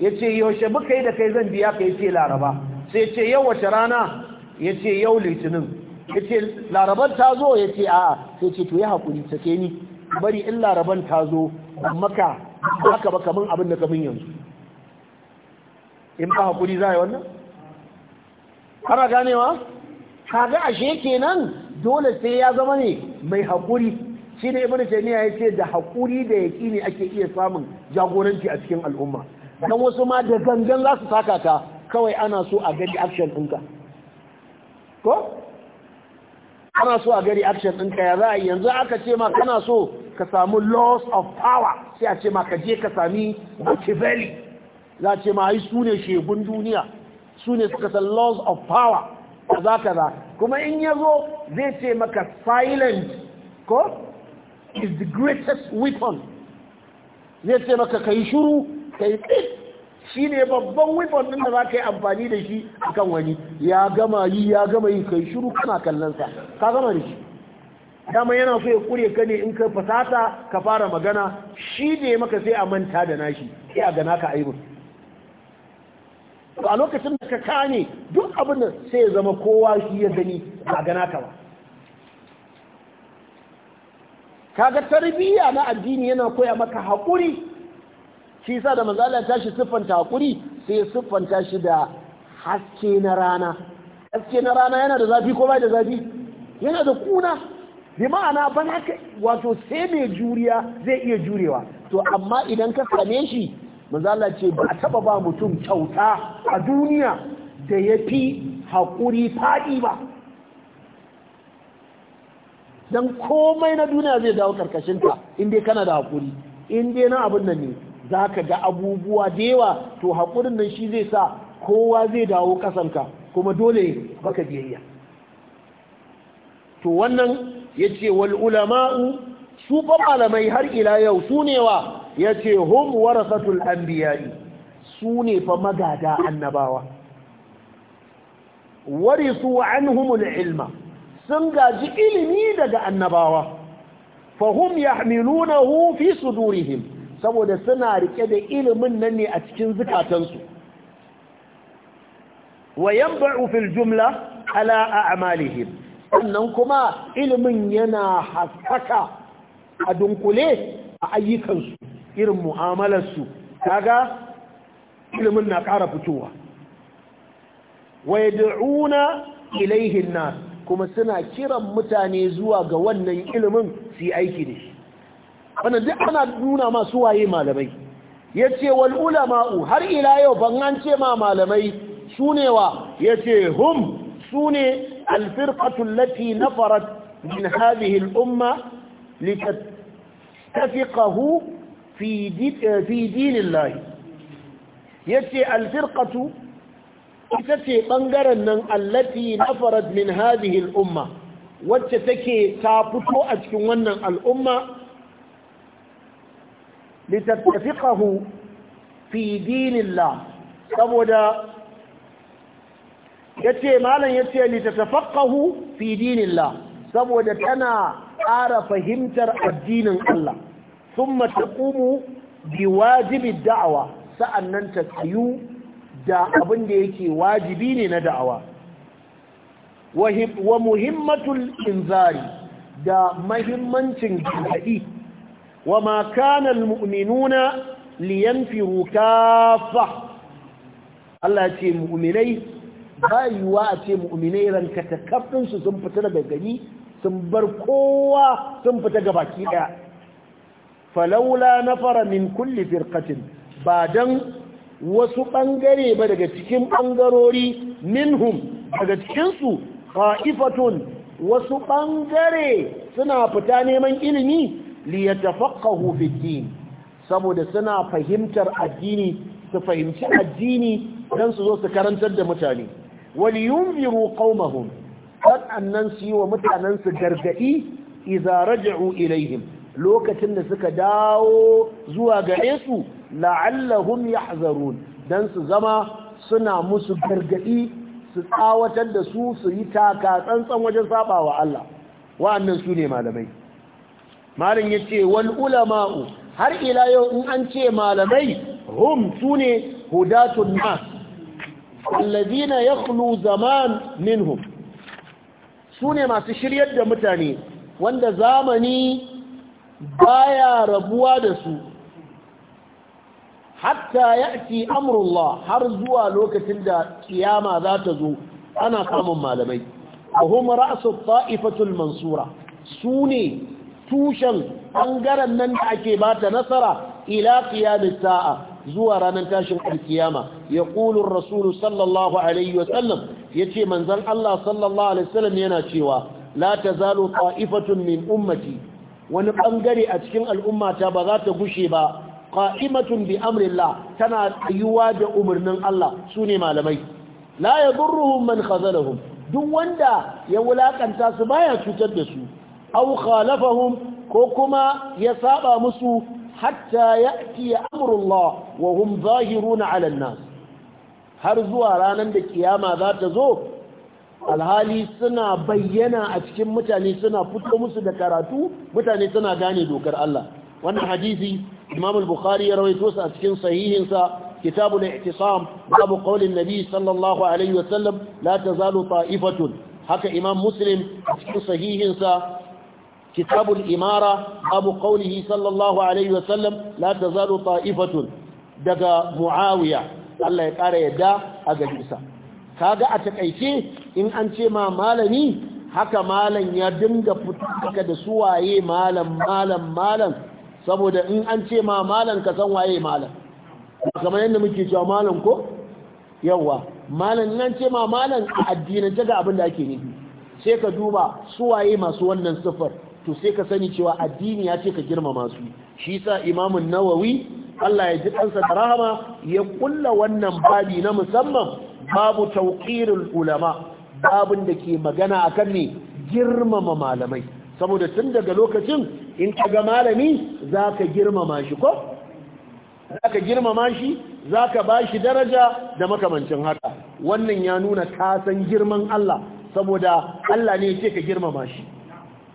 ya ce yaushe muka yi da kai zan biya ka yi ce laraba sai ce yau wace rana ya ce yau litinin ya ce laraban ta zo ya ce a'a sai ce to ya haƙuri sake ni bari in laraban ta zo maka haka ba kamun abin da kamun yanzu in ba haƙuri za a yi wannan ana ganewa kaga ashe kenan dole sai ya zama ne mai haƙuri shi ne ibn taymiya ya da hakuri da ne ake iya samun jagoranci a cikin al'umma dan wasu ma da gangan za su saka ta kawai ana so a gani action ɗinka ko Kana so a gari action ka ya za a yanzu aka ce ma kana so ka samu loss of power sai a ce ma ka je ka sami machiavelli za a ce ma ai su ne shegun duniya su ne suka san loss of power kaza kaza kuma in ya zo zai ce maka silent ko is the greatest weapon zai ce maka ka yi shuru ka yi shi ne babban wifon ɗin da za ka yi amfani da shi a kan wani ya gama yi ya gama yi kai shiru kana kallonsa ka gama da shi dama yana so ya kure ka ne in ka fasata ka fara magana shi ne maka sai a manta da nashi sai a gana ka aibun a lokacin da ka kane duk abin da sai ya zama kowa shi ya gani a gana ka ba kaga tarbiyya na addini yana koya maka haƙuri shi sa da manzo Allah tashi siffanta hakuri sai ya siffanta shi da haske na rana haske na rana yana da zafi ko bai da zafi yana da kuna bi ma'ana ban haka wato sai mai juriya zai iya jurewa to amma idan ka same shi manzo ce ba a taba ba mutum kyauta a duniya da yafi hakuri faɗi ba dan komai na duniya zai dawo karkashin in dai kana da hakuri in dai na abin nan ne za ka ga abubuwa da yawa to haƙurin nan shi zai sa kowa zai dawo ƙasanka kuma dole baka biyayya to wannan ya ce wal ulama'u su malamai har ila yau su ne wa ya ce hum warasatul anbiya'i su ne fa magada annabawa warisu anhumul ilma sun gaji ilimi daga annabawa fahum yahmilunahu fi sudurihim saboda suna rike da ilimin nan ne a cikin zukatansu wa yanba'u fil jumla ala a'malihim sannan kuma ilimin yana haskaka a dunkule a ayyukansu irin mu'amalarsu kaga ilimin na ƙara fitowa wa yad'una ilayhi an-nas kuma suna kiran mutane zuwa ga wannan ilimin su yi aiki da shi wannan duk ana nuna masu waye malamai ya ce wal ulama'u har ila yau ban an ce ma malamai su ne wa ya ce hum su ne alfirfatun lati na farat min hazihi al'umma litattafiqahu fi dinillahi ya ce alfirkatu ita ce ɓangaren nan allati na farat min hazihi al'umma wacce take ta fito a cikin wannan al'umma litattafiqahu fi dinillah saboda yace malam yace litattafaqahu fi dinillah saboda tana ƙara fahimtar addinin Allah thumma taqumu wajibi da'awa sa'annan ta tsayu da abin da yake wajibi ne na da'awa wa muhimmatul inzari da mahimmancin gargaɗi wa ma kana almu'minuna liyanfiru kaffa Allah ce mu'minai bayuwa a ce mu'minai ranka takaffin su sun fita daga gari sun bar kowa sun fita ga baki daya falaula nafara min kulli firqatin ba dan wasu ɓangare ba daga cikin ɓangarori minhum daga cikinsu ƙa'ifatun wasu ɓangare suna fita neman ilimi liyatafaqahu fi din saboda suna fahimtar addini su fahimci addini dan su zo su karantar da mutane waliyunziru qaumahum sannan su yi wa mutanen su gargadi idza raja'u ilaihim lokacin da suka dawo zuwa gare su la'allahum yahzarun dan su zama suna musu gargadi su tsawatar da su su yi taka tsantsan wajen sabawa Allah wa'annan su ne malamai malin ce wal ulama'u har ila yau in an ce malamai hum sune hudatun nas alladhina yakhlu zaman minhum sune masu shiryar da mutane wanda zamani baya rabuwa da su hatta ya'ti amrullah har zuwa lokacin da kiyama za ta zo ana samun malamai hum ra'su ta'ifatul mansura sune tushen ɓangaren nan da ake ba ta nasara ila qiyamis sa'a zuwa ranar tashin alkiyama ya ƙulun rasulu sallallahu alaihi wasallam ya ce manzan Allah sallallahu alaihi wasallam yana cewa la ta zalo ƙa'ifatun min ummati wani ɓangare a cikin al'ummata ba za ta gushe ba ƙa'imatun bi amrillah tana tsayuwa da umarnin Allah su ne malamai la ya man khazalahum duk wanda ya wulaƙanta su baya cutar da su aw khalafahum ko kuma ya saba musu hatta ya'ti amrullah wa hum zahiruna 'ala an-nas har zuwa ranar da kiyama za ta zo alhali suna bayyana a cikin mutane suna fito musu da karatu mutane suna gane dokar Allah wannan hadisi Imam al-Bukhari ya rawaito sa a cikin sahihinsa kitabu al-i'tisam babu qaulin nabi sallallahu alaihi sallam la tazalu ta'ifatun haka Imam Muslim a cikin sahihinsa كتاب الإمارة أبو قوله صلى الله عليه وسلم لا تزال طائفة دقى معاوية الله يقار يدى أجلسة kaga a takaice in an ce ma malami haka malam ya dinga fita da su waye malam malam malam saboda in an ce ma malam ka san waye malam kamar yadda muke cewa malam ko yawa malam in an ce ma malam a addinance ga abin da ake nufi sai ka duba su waye masu wannan siffar to sai ka sani cewa addini ya ce ka girmama su shi sa imamun nawawi Allah ya ji ɗansa da rahama ya kulla wannan babi na musamman babu tauƙirin ulama babin da ke magana akan ne girmama malamai saboda tun daga lokacin in ka ga malami za ka girmama shi ko za ka girmama shi za ka ba shi daraja da makamancin haka wannan ya nuna kasan girman Allah saboda Allah ne ya ce ka girmama shi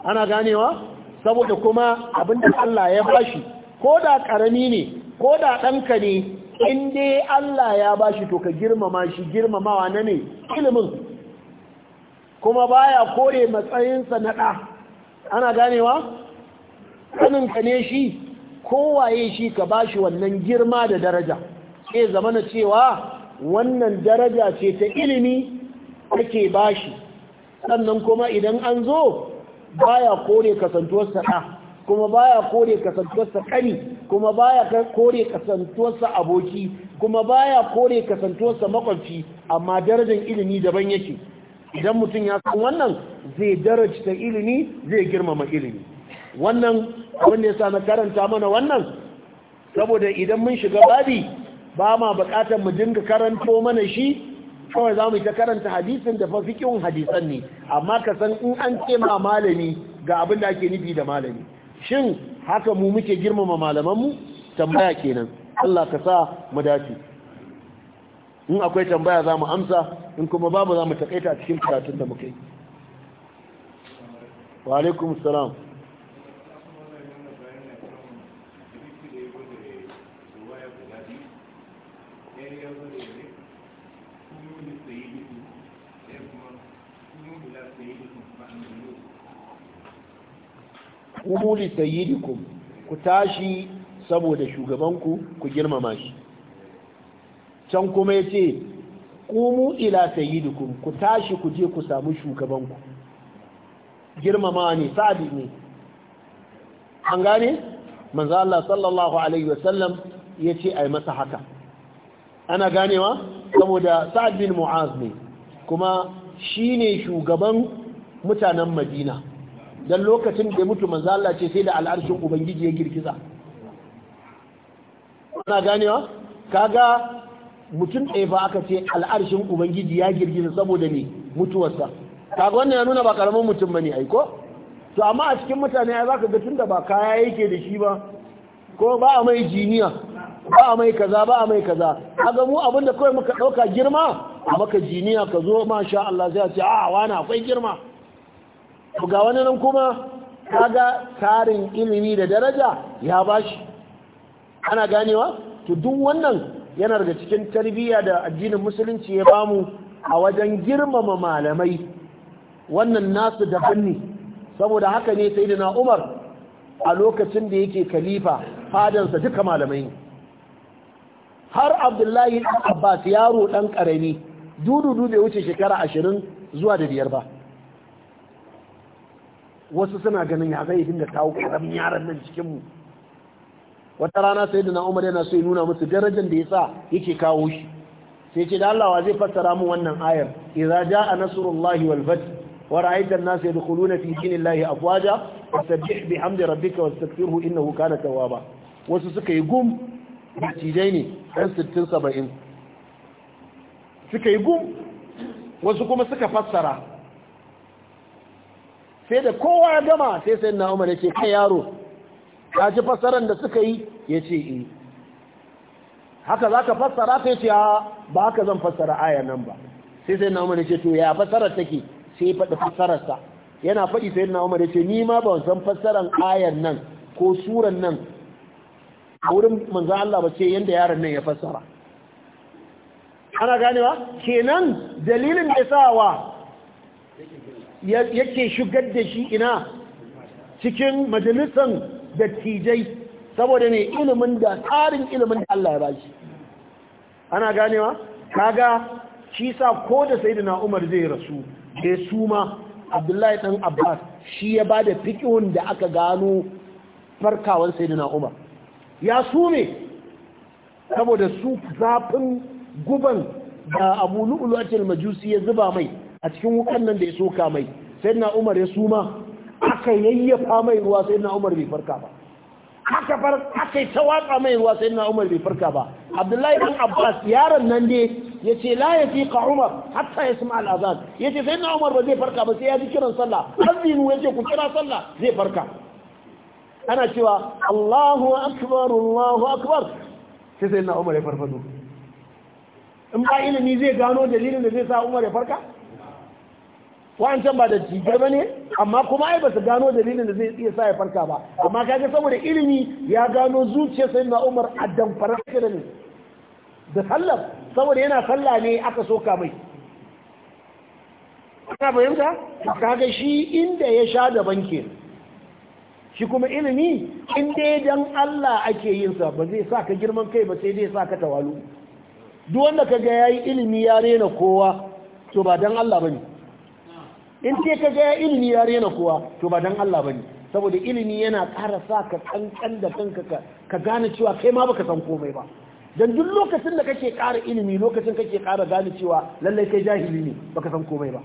ana ganewa saboda kuma abinda Allah ya bashi ko da karami ne ko da ɗanka ne in dai Allah ya bashi to ka girmama shi girmamawa na ne ilimin kuma baya kore matsayinsa na ɗa ana ganewa ka ne shi kowaye shi ka bashi wannan girma da daraja ke zamana cewa wannan daraja ce ta ilimi ake bashi sannan kuma idan an zo baya kore kasantuwarsa ɗa kuma baya kore kasantuwarsa kani kuma baya kore kasantuwarsa aboki kuma baya kore kasantuwarsa makwabci amma darajar ilimi daban yake idan mutum ya san wannan zai darajta ilimi zai girmama ilimi wannan abin da yasa na karanta mana wannan saboda idan mun shiga babi ba ma bukatar mu dinga karanto mana shi kawai za mu ta karanta hadisin da fa fikin hadisan ne amma ka san in an ce ma malami ga abin da ake nufi da malami shin haka mu muke girmama malamanmu tambaya kenan Allah ka sa mu dace in akwai tambaya za mu amsa in kuma babu za mu takaita cikin karatun da muke yi wa alaikum salam qumu li sayyidikum ku tashi saboda shugabanku ku girmama shi can kuma yace kumu ila sayyidikum ku tashi ku je ku samu shugabanku girmama ne sadi ne an gane manzo Allah sallallahu alaihi wasallam yace ai masa haka ana ganewa saboda sa'ad bin mu'az ne kuma shine shugaban mutanen madina dan lokacin da ya mutu manzo Allah ce sai da al'arshin ubangiji ya girgiza kana ganewa kaga mutum ɗaya ba aka ce al'arshin ubangiji ya girgiza saboda ne mutuwarsa kaga wannan ya nuna ba karamin mutum bane ai ko to amma a cikin mutane ai zaka ga tunda ba kaya yake da shi ba ko ba a mai jiniya ba a mai kaza ba a mai kaza kaga mu abin da kawai muka dauka girma maka jiniya ka zo masha Allah sai a ce a ah, wani akwai girma to ga wani nan kuma kaga tarin ilimi da daraja ya bashi ana ganewa to duk wannan yana daga cikin tarbiyya da addinin musulunci ya bamu a wajen girmama malamai wannan nasu da fanni. saboda haka ne sayyidina Umar a lokacin da yake khalifa fadansa duka malamai har Abdullahi Abbas yaro dan karami dududu bai wuce shekara ashirin zuwa da biyar ba wasu suna ganin ya zai dinga kawo karamin yaran nan cikinmu wata rana sai da na umar yana so ya nuna musu darajar da ya sa yake kawo shi sai ce da Allah wa zai fassara mu wannan ayar idza jaa nasrullahi wal fath wa ra'aita an-nas yadkhuluna fi dinillahi afwaja fasabbih bihamdi rabbika wastaghfirhu innahu kana tawwaba wasu suka yi gum matijai ne dan 60 70 suka yi gum wasu kuma suka fassara sai da kowa ya gama sai sai na umar ya kai yaro yaci ci fassarar da suka yi ya ce yi eh. haka za ka fassara ta ce ba haka zan fassara aya nan ba sai sai na umar ya ce to ya fassarar take sai faɗi fassararsa yana faɗi sai na umar ya ce ni ma ban san fassarar ayan nan ko suran nan a wurin manzo Allah ba ce yanda yaron nan ya fassara ana ganewa kenan dalilin da sawa yake shigar da shi ina cikin majalisan dattijai saboda ne ilimin da tsarin ilimin da Allah ya ba shi ana ganewa kaga shi sa ko da sayyidina Umar zai rasu da suma Abdullahi dan Abbas shi ya bada fiqhun da aka gano farkawan sayyidina Umar ya sume saboda su zafin guban da Abu Lu'lu'atul Majusi ya zuba mai a cikin wukan nan da ya soka mai sai na umar ya suma aka yayyafa mai ruwa sai na umar bai farka ba aka far aka ta watsa mai ruwa sai na umar bai farka ba abdullahi dan abbas yaron nan ne yace la yafiqa umar hatta yasma al azan yace sai na umar ba zai farka ba sai ya ji kiran sallah azinu yace ku kira sallah zai farka ana cewa Allahu akbar Allahu akbar sai sai na umar ya farfado in ba ilimi zai gano dalilin da zai sa umar ya farka can ba da jigar ba ne amma kuma ai ba su gano dalilin da zai iya sa ya farka ba amma kaga saboda ilimi ya gano zuciyar sai na umar a damfara da ne da sallar saboda yana sallah ne aka soka mai ana fahimta kaga shi inda ya sha da banke shi kuma ilimi in dai dan Allah ake yin sa ba zai sa ka girman kai ba sai dai sa ka tawalu duk wanda kaga yayi ilimi ya rena kowa to ba dan Allah bane in ce ka ga ilimi ya rena kowa to ba dan Allah bane saboda ilimi yana ƙara sa ka kankan da kanka ka gane cewa kai ma baka san komai ba dan duk lokacin da kake ƙara ilimi lokacin kake ƙara gane cewa lallai kai jahili ne baka san komai ba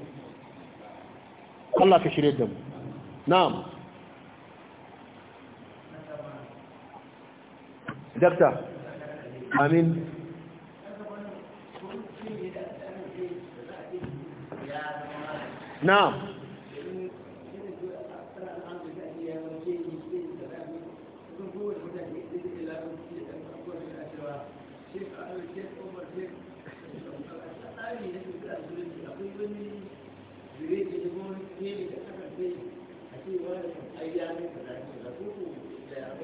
Allah ka shirye da mu na'am amin na'am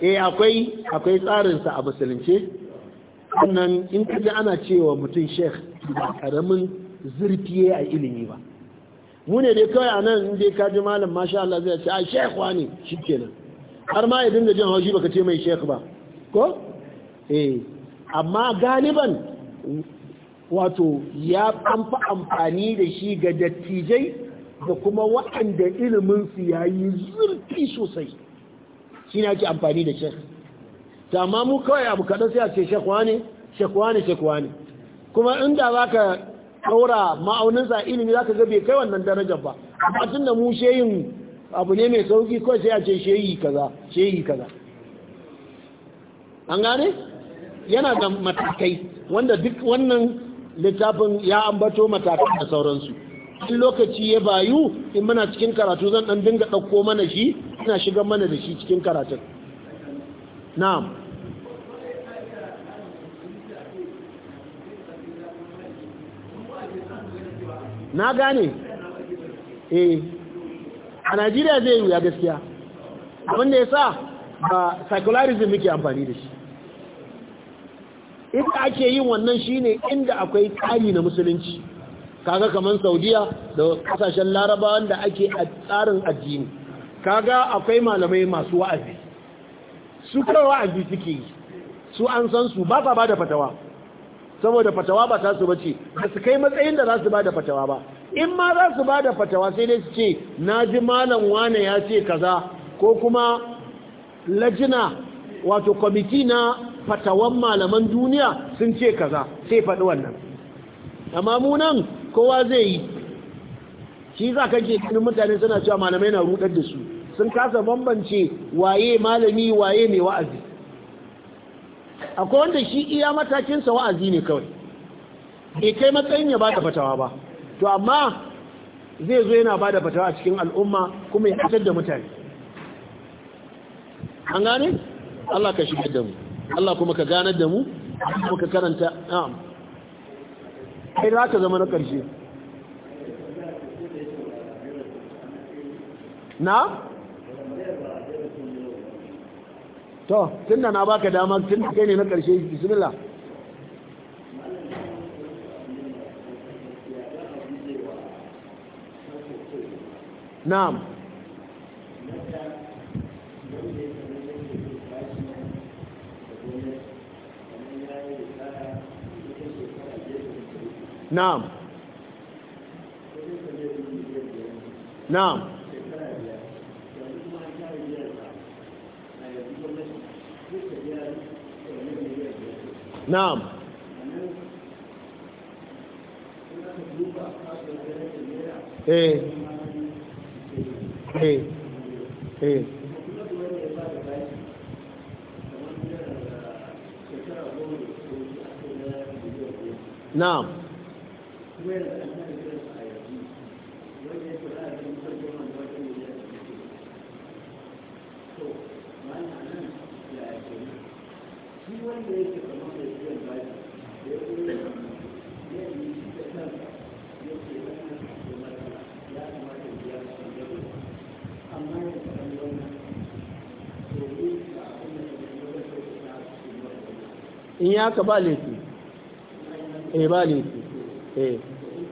eh akwai akwai tsarinsa a musulunce sannan in kaji ana cewa mutum sheikh ba karamin zurfiye a ilimi ba mu ne dai kawai a nan dai ka ji malam masha Allah zai ce a sheikh ke nan har ma ya dinga jin haushi baka ce mai sheikh ba ko eh amma galiban wato ya amfa amfani da shi ga dattijai da kuma waɗanda ilimin su yayi zurfi sosai shi ne ake amfani da sheikh ta ma mu kawai abu kaɗan sai a ce sheikh ne sheikh ne sheikh ne kuma inda ka. Saura, ma'auninsa ilimi za ka ga bai kai wannan darajar ba amma tun da mu sheyin abu ne mai sauki kawai sai a ce sheyi kaza sheyi kaza an gane yana da matakai wanda duk wannan littafin ya ambato matakai da sauransu in lokaci ya bayu in muna cikin karatu zan ɗan dinga ɗauko mana shi ina shigar mana da shi cikin karatun na'am na gane eh a najeriya zai yi gaskiya da ya sa ba secularism muke amfani da shi inda ake yin wannan shine inda akwai kari na musulunci kaga kamar saudiya da kasashen larabawan da ake a tsarin addini kaga akwai malamai masu wa'azi su kawai wa'azi suke yi, su an san su ba ba da fatawa saboda fatawa ba ta su bace ba su kai matsayin da za su ba da fatawa ba in ma za su ba da fatawa sai dai su ce na ji malam wane ya ce kaza ko kuma lajina wato kwamiti na fatawan malaman duniya sun ce kaza sai faɗi wannan amma mu nan kowa zai yi shi za ka ke kanin mutane suna cewa malamai na rudar da su sun kasa bambance waye malami waye ne wa'azi akwai wanda shi iya matakinsa wa'azi ne kawai e kai matsayin ya bada fatawa ba to amma zai zo yana bada fatawa a cikin al'umma kuma ya fitar da mutane an gane Allah ka shigar da mu Allah kuma ka ganar da mu kuma ka karanta na'am kai za ka zama na ƙarshe na to tun da na baka dama tun da kai ne na ƙarshe bismillah na'am na'am na'am na'am eh eh eh na'am haka ba laifi eh ba laifi eh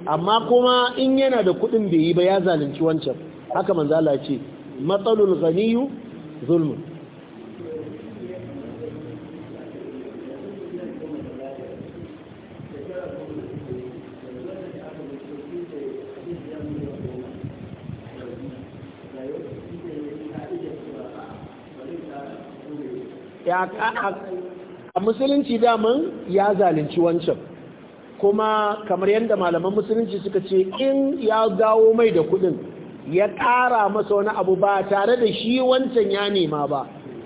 amma kuma in yana da kuɗin bai yi ba ya zalunci wancan haka manzo Allah ce matsalul ghaniyu zulmun musulunci daman ya zalunci wancan kuma kamar yadda malaman musulunci suka ce in ya dawo mai da kudin ya kara masa wani abu ba tare da shi wancan ya nema ba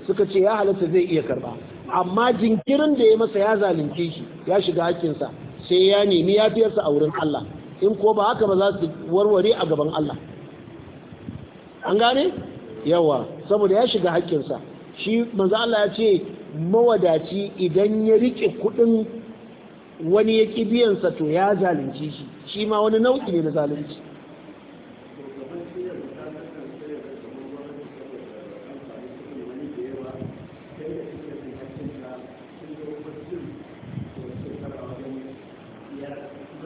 suka ce ya halatta zai iya karba amma jinkirin da ya masa ya zalunce shi ya shiga hakinsa sai ya nemi ya yafiyarsa a wurin Allah in ko ba haka ba za su warware a gaban Allah an gane yawa saboda ya shiga hakinsa shi manzo Allah ya ce mawadaci idan ya rike kudin wani ya ki biyansa to ya zalunci shi shi ma wani nau'i ne na zalunci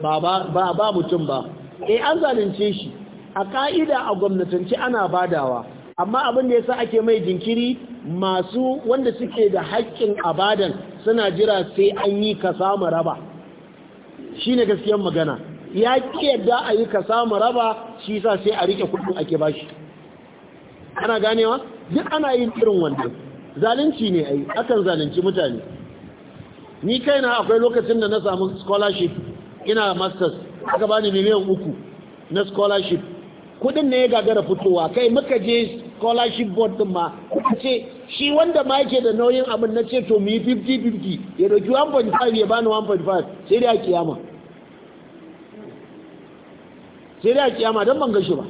ba ba mutum ba eh an zalunce shi a ka'ida a gwamnatance ana badawa amma abin da ya sa ake mai jinkiri masu wanda suke da haƙƙin abadan suna jira sai an yi ka samu raba shi ne gaskiyar magana ya ƙi yadda a yi ka samu raba shi sa sai a riƙe kudin ake ba shi ana ganewa duk ana yin irin wanda zalunci ne yi akan zalunci mutane ni kaina akwai lokacin da na samu scholarship ina masters aka bani miliyan uku na scholarship kudin ne ya gagara fitowa kai muka je scholarship board din ma ta ce shi wanda ma yake da nauyin abin na ce to mu yi 50-50 ya doki 1.5 ya bani 1.5 sai dai a kiyama sai dai a kiyama don ban gashi ba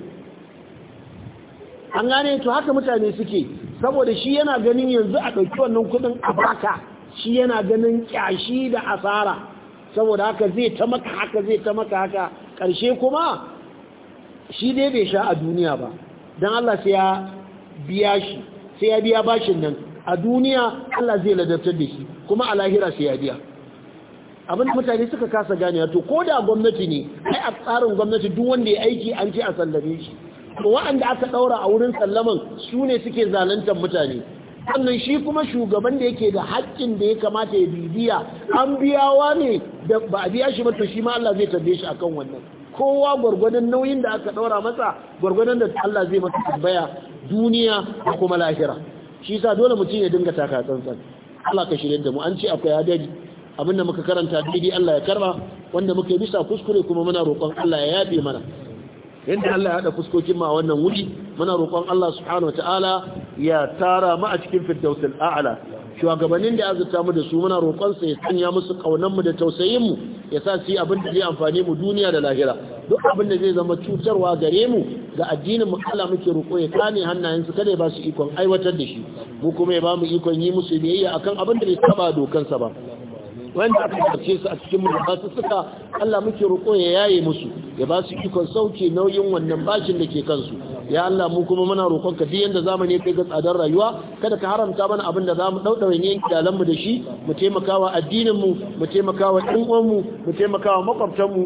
an gane to haka mutane suke saboda shi yana ganin yanzu a ɗauki wannan kudin a baka shi yana ganin kyashi da asara saboda haka zai ta maka haka zai ta maka haka ƙarshe kuma shi dai bai sha a duniya ba don Allah sai ya biya shi sai ya biya bashin nan a duniya Allah zai ladabtar da shi kuma a lahira sai ya biya abin mutane suka kasa gane to ko da gwamnati ne ai a tsarin gwamnati duk wanda ya aiki an ce a sallame shi to waɗanda aka ɗaura a wurin sallaman su ne suke zalantar mutane sannan shi kuma shugaban da yake da haƙƙin da ya kamata ya bibiya an biyawa ne ba a biya shi ba to shi ma Allah zai tabbe shi akan wannan kowa gwargwadon nauyin da aka ɗaura masa gwargwadon da Allah zai masa tambaya duniya da kuma lahira shi sa dole mutum ya dinga taka tsantsan Allah ka shirye da mu an ce akwai hadari abinda muka karanta daidai Allah ya karba wanda muka bisa kuskure kuma muna roƙon Allah ya yafe mana yadda Allah ya haɗa fuskokin ma wannan wuri muna roƙon Allah subhanahu wataala ya tara mu a cikin firdausul a'la shugabannin da azurta mu da su muna roƙon sa ya sanya musu kaunan mu da tausayin mu ya sa su yi abin da zai amfane mu duniya da lahira duk abin da zai zama cutarwa gare mu ga addinin mu Allah muke roƙo ya kane hannayen su kada ya ba su ikon aiwatar da shi mu kuma ya ba mu ikon yi musu biyayya akan abin da bai saba dokansa ba wanda aka karce su a cikin mulka su suka Allah muke roƙo ya yaye musu ya ba su ikon sauke nauyin wannan bashin da ke kansu ya Allah mu kuma muna roƙon ka yanda zamani kai ga tsadar rayuwa kada ka haramta mana abin da zamu daudaure ne iyalan mu da shi mu taimakawa addinin mu mu taimakawa ɗan uwan mu mu taimakawa makwabtan mu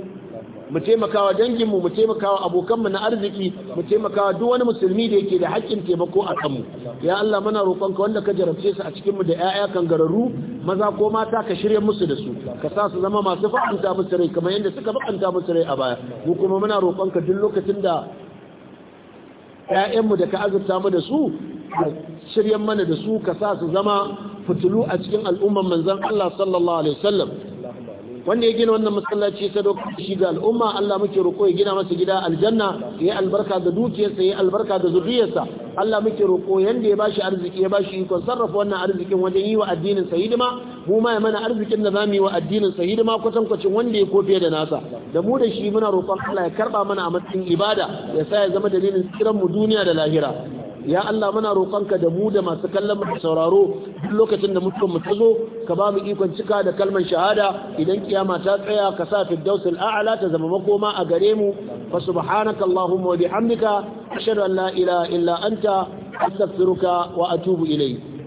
mu taimakawa danginmu mu taimakawa abokanmu na arziki mu taimakawa duk wani musulmi da yake da haƙƙin taimako a kanmu ya Allah muna roƙonka wanda ka jarabce su a cikin mu da ƴaƴa kangararru maza ko mata ka shirye musu da su ka sa su zama masu fa'anta musu rai kamar yadda suka fa'anta musu rai a baya mu kuma muna roƙonka duk lokacin da ‘ya'yanmu da ka azurta mu da su shiryan mana da su ka sa su zama fitilu a cikin al'umman manzan Allah sallallahu Alaihi wasallam wanda ya gina wannan masallaci sadaukar shi ga al'umma Allah muke roƙo ya gina masa gida aljanna ya albarka ga dukiyarsa ya albarka ga zuriyarsa Allah muke roƙo yanda ya bashi arziki ya bashi ikon sarrafa wannan arzikin wajen yi wa addinin sa hidima mu ma ya mana arzikin da zamu yi wa addinin sa hidima kwatan kwacin wanda ya kofe da nasa da mu da shi muna roƙon Allah ya karba mana a matsayin ibada ya sa ya zama dalilin tsiran mu duniya da lahira ya Allah muna roƙonka da mu da masu kallon mu sauraro duk lokacin da mutum mu tazo ka ba mu ikon cika da kalman shahada idan kiyama ta tsaya ka sa firdausul a'la ta zama makoma a gare mu fa subhanaka allahumma wa bihamdika ashhadu an la ilaha illa anta astaghfiruka wa atubu ilayk